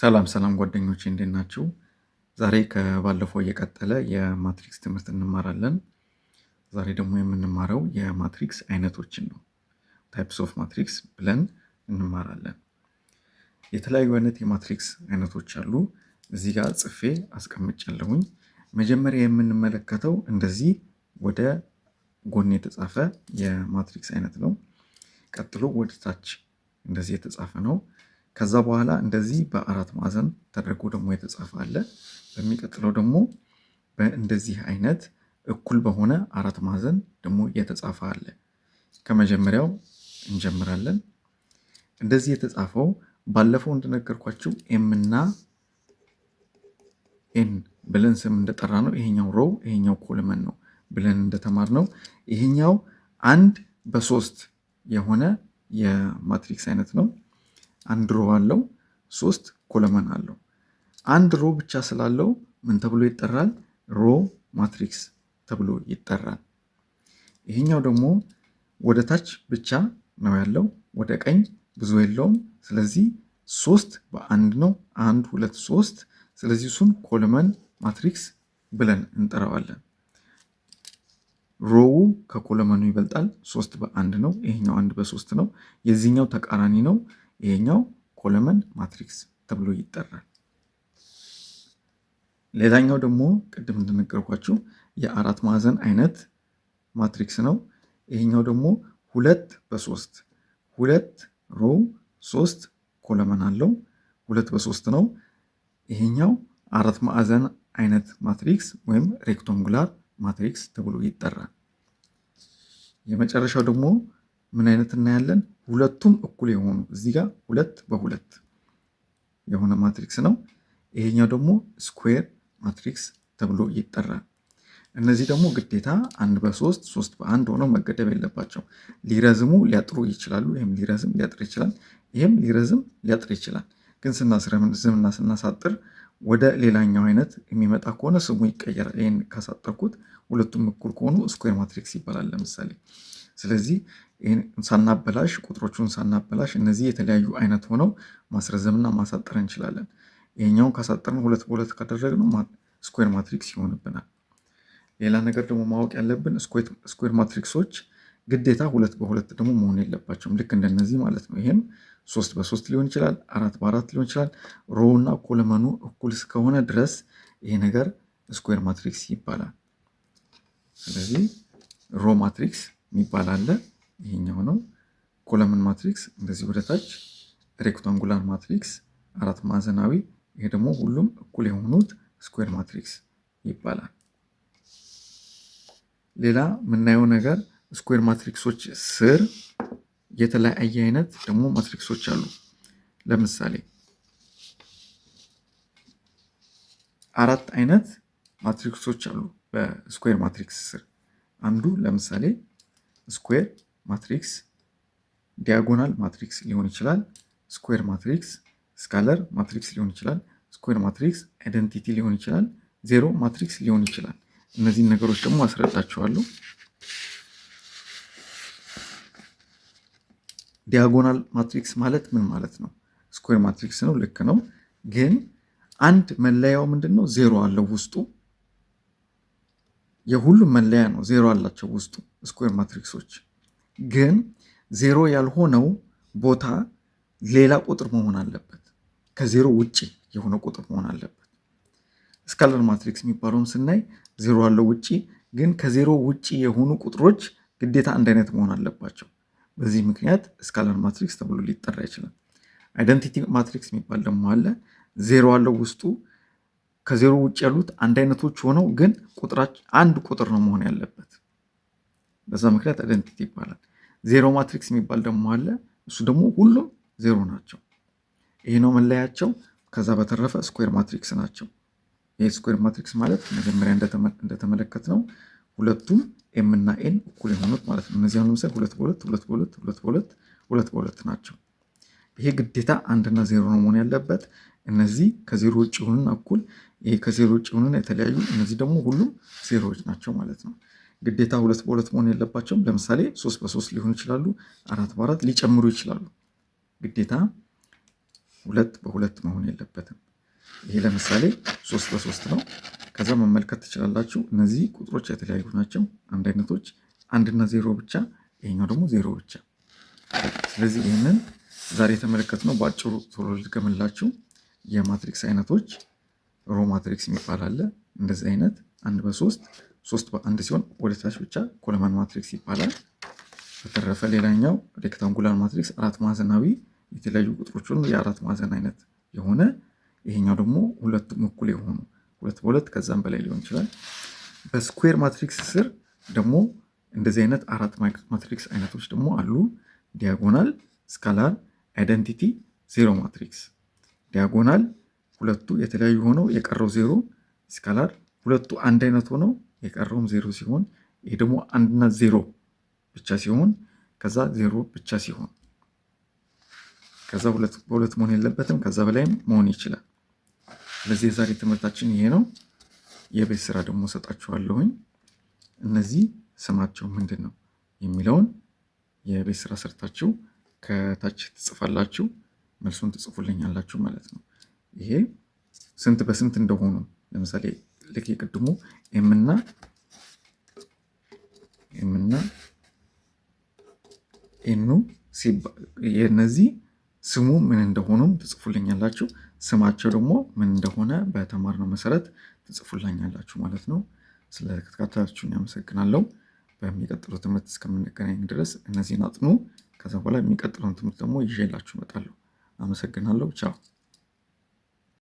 ሰላም ሰላም ጓደኞች እንዴት ናችሁ? ዛሬ ከባለፈው እየቀጠለ የማትሪክስ ትምህርት እንማራለን። ዛሬ ደግሞ የምንማረው የማትሪክስ አይነቶችን ነው። ታይፕስ ኦፍ ማትሪክስ ብለን እንማራለን። የተለያዩ አይነት የማትሪክስ አይነቶች አሉ። እዚህ ጋር ጽፌ አስቀምጫለሁኝ። መጀመሪያ የምንመለከተው እንደዚህ ወደ ጎን የተጻፈ የማትሪክስ አይነት ነው። ቀጥሎ ወደ ታች እንደዚህ የተጻፈ ነው። ከዛ በኋላ እንደዚህ በአራት ማዕዘን ተደርጎ ደግሞ የተጻፈ አለ። በሚቀጥለው ደግሞ በእንደዚህ አይነት እኩል በሆነ አራት ማዕዘን ደግሞ የተጻፈ አለ። ከመጀመሪያው እንጀምራለን። እንደዚህ የተጻፈው ባለፈው እንደነገርኳችሁ ኤም እና ኤን ብለን ስም እንደጠራ ነው። ይሄኛው ሮው ይሄኛው ኮልመን ነው ብለን እንደተማር ነው። ይሄኛው አንድ በሶስት የሆነ የማትሪክስ አይነት ነው። አንድ ሮ አለው፣ ሶስት ኮለመን አለው። አንድ ሮ ብቻ ስላለው ምን ተብሎ ይጠራል? ሮ ማትሪክስ ተብሎ ይጠራል። ይሄኛው ደግሞ ወደ ታች ብቻ ነው ያለው፣ ወደ ቀኝ ብዙ የለውም። ስለዚህ ሶስት በአንድ ነው፣ አንድ ሁለት ሶስት። ስለዚህ እሱን ኮለመን ማትሪክስ ብለን እንጠራዋለን። ሮው ከኮለመኑ ይበልጣል፣ ሶስት በአንድ ነው። ይሄኛው አንድ በሶስት ነው፣ የዚህኛው ተቃራኒ ነው። ይሄኛው ኮለመን ማትሪክስ ተብሎ ይጠራል። ሌላኛው ደግሞ ቅድም እንደነገርኳችሁ የአራት ማዕዘን አይነት ማትሪክስ ነው። ይሄኛው ደግሞ ሁለት በሶስት ሁለት ሮ ሶስት ኮለመን አለው። ሁለት በሶስት ነው። ይሄኛው አራት ማዕዘን አይነት ማትሪክስ ወይም ሬክቶንጉላር ማትሪክስ ተብሎ ይጠራል። የመጨረሻው ደግሞ ምን አይነት እናያለን? ሁለቱም እኩል የሆኑ እዚህ ጋር ሁለት በሁለት የሆነ ማትሪክስ ነው። ይሄኛው ደግሞ ስኩዌር ማትሪክስ ተብሎ ይጠራል። እነዚህ ደግሞ ግዴታ አንድ በሶስት ሶስት በአንድ ሆነው መገደብ የለባቸው። ሊረዝሙ ሊያጥሩ ይችላሉ። ይህም ሊረዝም ሊያጥር ይችላል። ይህም ሊረዝም ሊያጥር ይችላል። ግን ስናስረዝምና ስናሳጥር ወደ ሌላኛው አይነት የሚመጣ ከሆነ ስሙ ይቀየራል። ይህን ካሳጠርኩት ሁለቱም እኩል ከሆኑ ስኩዌር ማትሪክስ ይባላል ለምሳሌ። ስለዚህ ሳናበላሽ ቁጥሮቹን ሳናበላሽ እነዚህ የተለያዩ አይነት ሆነው ማስረዘምና ማሳጠር እንችላለን። ይሄኛውን ካሳጠርን ሁለት በሁለት ካደረግነው ስኩዌር ማትሪክስ ይሆንብናል። ሌላ ነገር ደግሞ ማወቅ ያለብን ስኩዌር ማትሪክሶች ግዴታ ሁለት በሁለት ደግሞ መሆን የለባቸውም። ልክ እንደነዚህ ማለት ነው። ይህም ሶስት በሶስት ሊሆን ይችላል፣ አራት በአራት ሊሆን ይችላል። ሮው እና ኮለመኑ እኩል እስከሆነ ድረስ ይሄ ነገር ስኩዌር ማትሪክስ ይባላል። ስለዚህ ሮ ማትሪክስ የሚባል አለ። ይሄኛው ነው። ኮለምን ማትሪክስ እንደዚህ ወደታች ሬክታንጉላር ማትሪክስ አራት ማዕዘናዊ፣ ይሄ ደግሞ ሁሉም እኩል የሆኑት ስኩዌር ማትሪክስ ይባላል። ሌላ የምናየው ነገር ስኩዌር ማትሪክሶች ስር የተለያየ አይነት ደግሞ ማትሪክሶች አሉ። ለምሳሌ አራት አይነት ማትሪክሶች አሉ በስኩዌር ማትሪክስ ስር አንዱ ለምሳሌ ስኩዌር ማትሪክስ፣ ዲያጎናል ማትሪክስ ሊሆን ይችላል። ስኩዌር ማትሪክስ፣ ስካለር ማትሪክስ ሊሆን ይችላል። ስኩዌር ማትሪክስ፣ አይደንቲቲ ሊሆን ይችላል። ዜሮ ማትሪክስ ሊሆን ይችላል። እነዚህን ነገሮች ደግሞ አስረዳችኋለሁ። ዲያጎናል ማትሪክስ ማለት ምን ማለት ነው? ስኩዌር ማትሪክስ ነው፣ ልክ ነው። ግን አንድ መለያው ምንድን ነው? ዜሮ አለው ውስጡ። የሁሉም መለያ ነው፣ ዜሮ አላቸው ውስጡ ስኩዌር ማትሪክሶች ግን ዜሮ ያልሆነው ቦታ ሌላ ቁጥር መሆን አለበት። ከዜሮ ውጭ የሆነ ቁጥር መሆን አለበት። ስካለር ማትሪክስ የሚባለውን ስናይ ዜሮ ያለው ውጭ፣ ግን ከዜሮ ውጭ የሆኑ ቁጥሮች ግዴታ አንድ አይነት መሆን አለባቸው። በዚህ ምክንያት ስካለር ማትሪክስ ተብሎ ሊጠራ ይችላል። አይደንቲቲ ማትሪክስ የሚባል ደግሞ አለ። ዜሮ ያለው ውስጡ ከዜሮ ውጭ ያሉት አንድ አይነቶች ሆነው ግን ቁጥራች አንድ ቁጥር ነው መሆን ያለበት። በዛ ምክንያት አይደንቲቲ ይባላል። ዜሮ ማትሪክስ የሚባል ደግሞ አለ። እሱ ደግሞ ሁሉም ዜሮ ናቸው። ይሄ ነው መለያቸው። ከዛ በተረፈ ስኩዌር ማትሪክስ ናቸው። ይሄ ስኩዌር ማትሪክስ ማለት መጀመሪያ እንደተመለከት ነው ሁለቱም ኤም እና ኤን እኩል የሆኑት ማለት ነው። እነዚህ አሁን ለምሳሌ ሁለት በሁለት ሁለት በሁለት ሁለት በሁለት ሁለት በሁለት ናቸው። ይሄ ግዴታ አንድና ዜሮ ነው መሆን ያለበት። እነዚህ ከዜሮ ውጭ የሆኑን እኩል፣ ይሄ ከዜሮ ውጭ የሆኑን የተለያዩ፣ እነዚህ ደግሞ ሁሉም ዜሮዎች ናቸው ማለት ነው። ግዴታ ሁለት በሁለት መሆን የለባቸውም። ለምሳሌ ሶስት በሶስት ሊሆኑ ይችላሉ። አራት በአራት ሊጨምሩ ይችላሉ። ግዴታ ሁለት በሁለት መሆን የለበትም። ይሄ ለምሳሌ ሶስት በሶስት ነው። ከዛ መመልከት ትችላላችሁ። እነዚህ ቁጥሮች የተለያዩ ናቸው። አንድ አይነቶች አንድና ዜሮ ብቻ፣ ይሄኛው ደግሞ ዜሮ ብቻ። ስለዚህ ይህንን ዛሬ የተመለከትነው በአጭሩ ቶሎ ልድገምላችሁ። የማትሪክስ አይነቶች ሮ ማትሪክስ የሚባል አለ። እንደዚህ አይነት አንድ በሶስት ሶስት በአንድ ሲሆን ወደታች ብቻ ኮለመን ማትሪክስ ይባላል። በተረፈ ሌላኛው ሬክታንጉላር ማትሪክስ አራት ማዕዘናዊ የተለያዩ ቁጥሮችን የአራት ማዕዘን አይነት የሆነ ይሄኛው ደግሞ ሁለቱም እኩል የሆኑ ሁለት በሁለት ከዛም በላይ ሊሆን ይችላል። በስኩዌር ማትሪክስ ስር ደግሞ እንደዚህ አይነት አራት ማትሪክስ አይነቶች ደግሞ አሉ። ዲያጎናል፣ ስካላር፣ አይደንቲቲ፣ ዜሮ ማትሪክስ። ዲያጎናል ሁለቱ የተለያዩ ሆነው የቀረው ዜሮ፣ ስካላር ሁለቱ አንድ አይነት ሆነው የቀረውም ዜሮ ሲሆን ይህ ደግሞ አንድና ዜሮ ብቻ ሲሆን ከዛ ዜሮ ብቻ ሲሆን ከዛ በሁለት መሆን የለበትም። ከዛ በላይም መሆን ይችላል። ስለዚህ የዛሬ ትምህርታችን ይሄ ነው። የቤት ስራ ደግሞ ሰጣችኋለሁኝ። እነዚህ ስማቸው ምንድን ነው የሚለውን የቤት ስራ ሰርታችሁ ከታች ትጽፋላችሁ፣ መልሱን ትጽፉልኛላችሁ ማለት ነው። ይሄ ስንት በስንት እንደሆኑ ለምሳሌ ልክ የቅድሙ ኤምና ኤምና ኤኑ የነዚህ ስሙ ምን እንደሆነም ትጽፉልኛላችሁ። ስማቸው ደግሞ ምን እንደሆነ በተማርነው መሰረት ትጽፉልኛላችሁ ማለት ነው። ስለ ያመሰግናለሁ። በሚቀጥለው ትምህርት እስከምንገናኝ ድረስ እነዚህን አጥኑ። ከዛ በኋላ የሚቀጥለውን ትምህርት ደግሞ ይዤላችሁ እመጣለሁ። አመሰግናለሁ። ቻው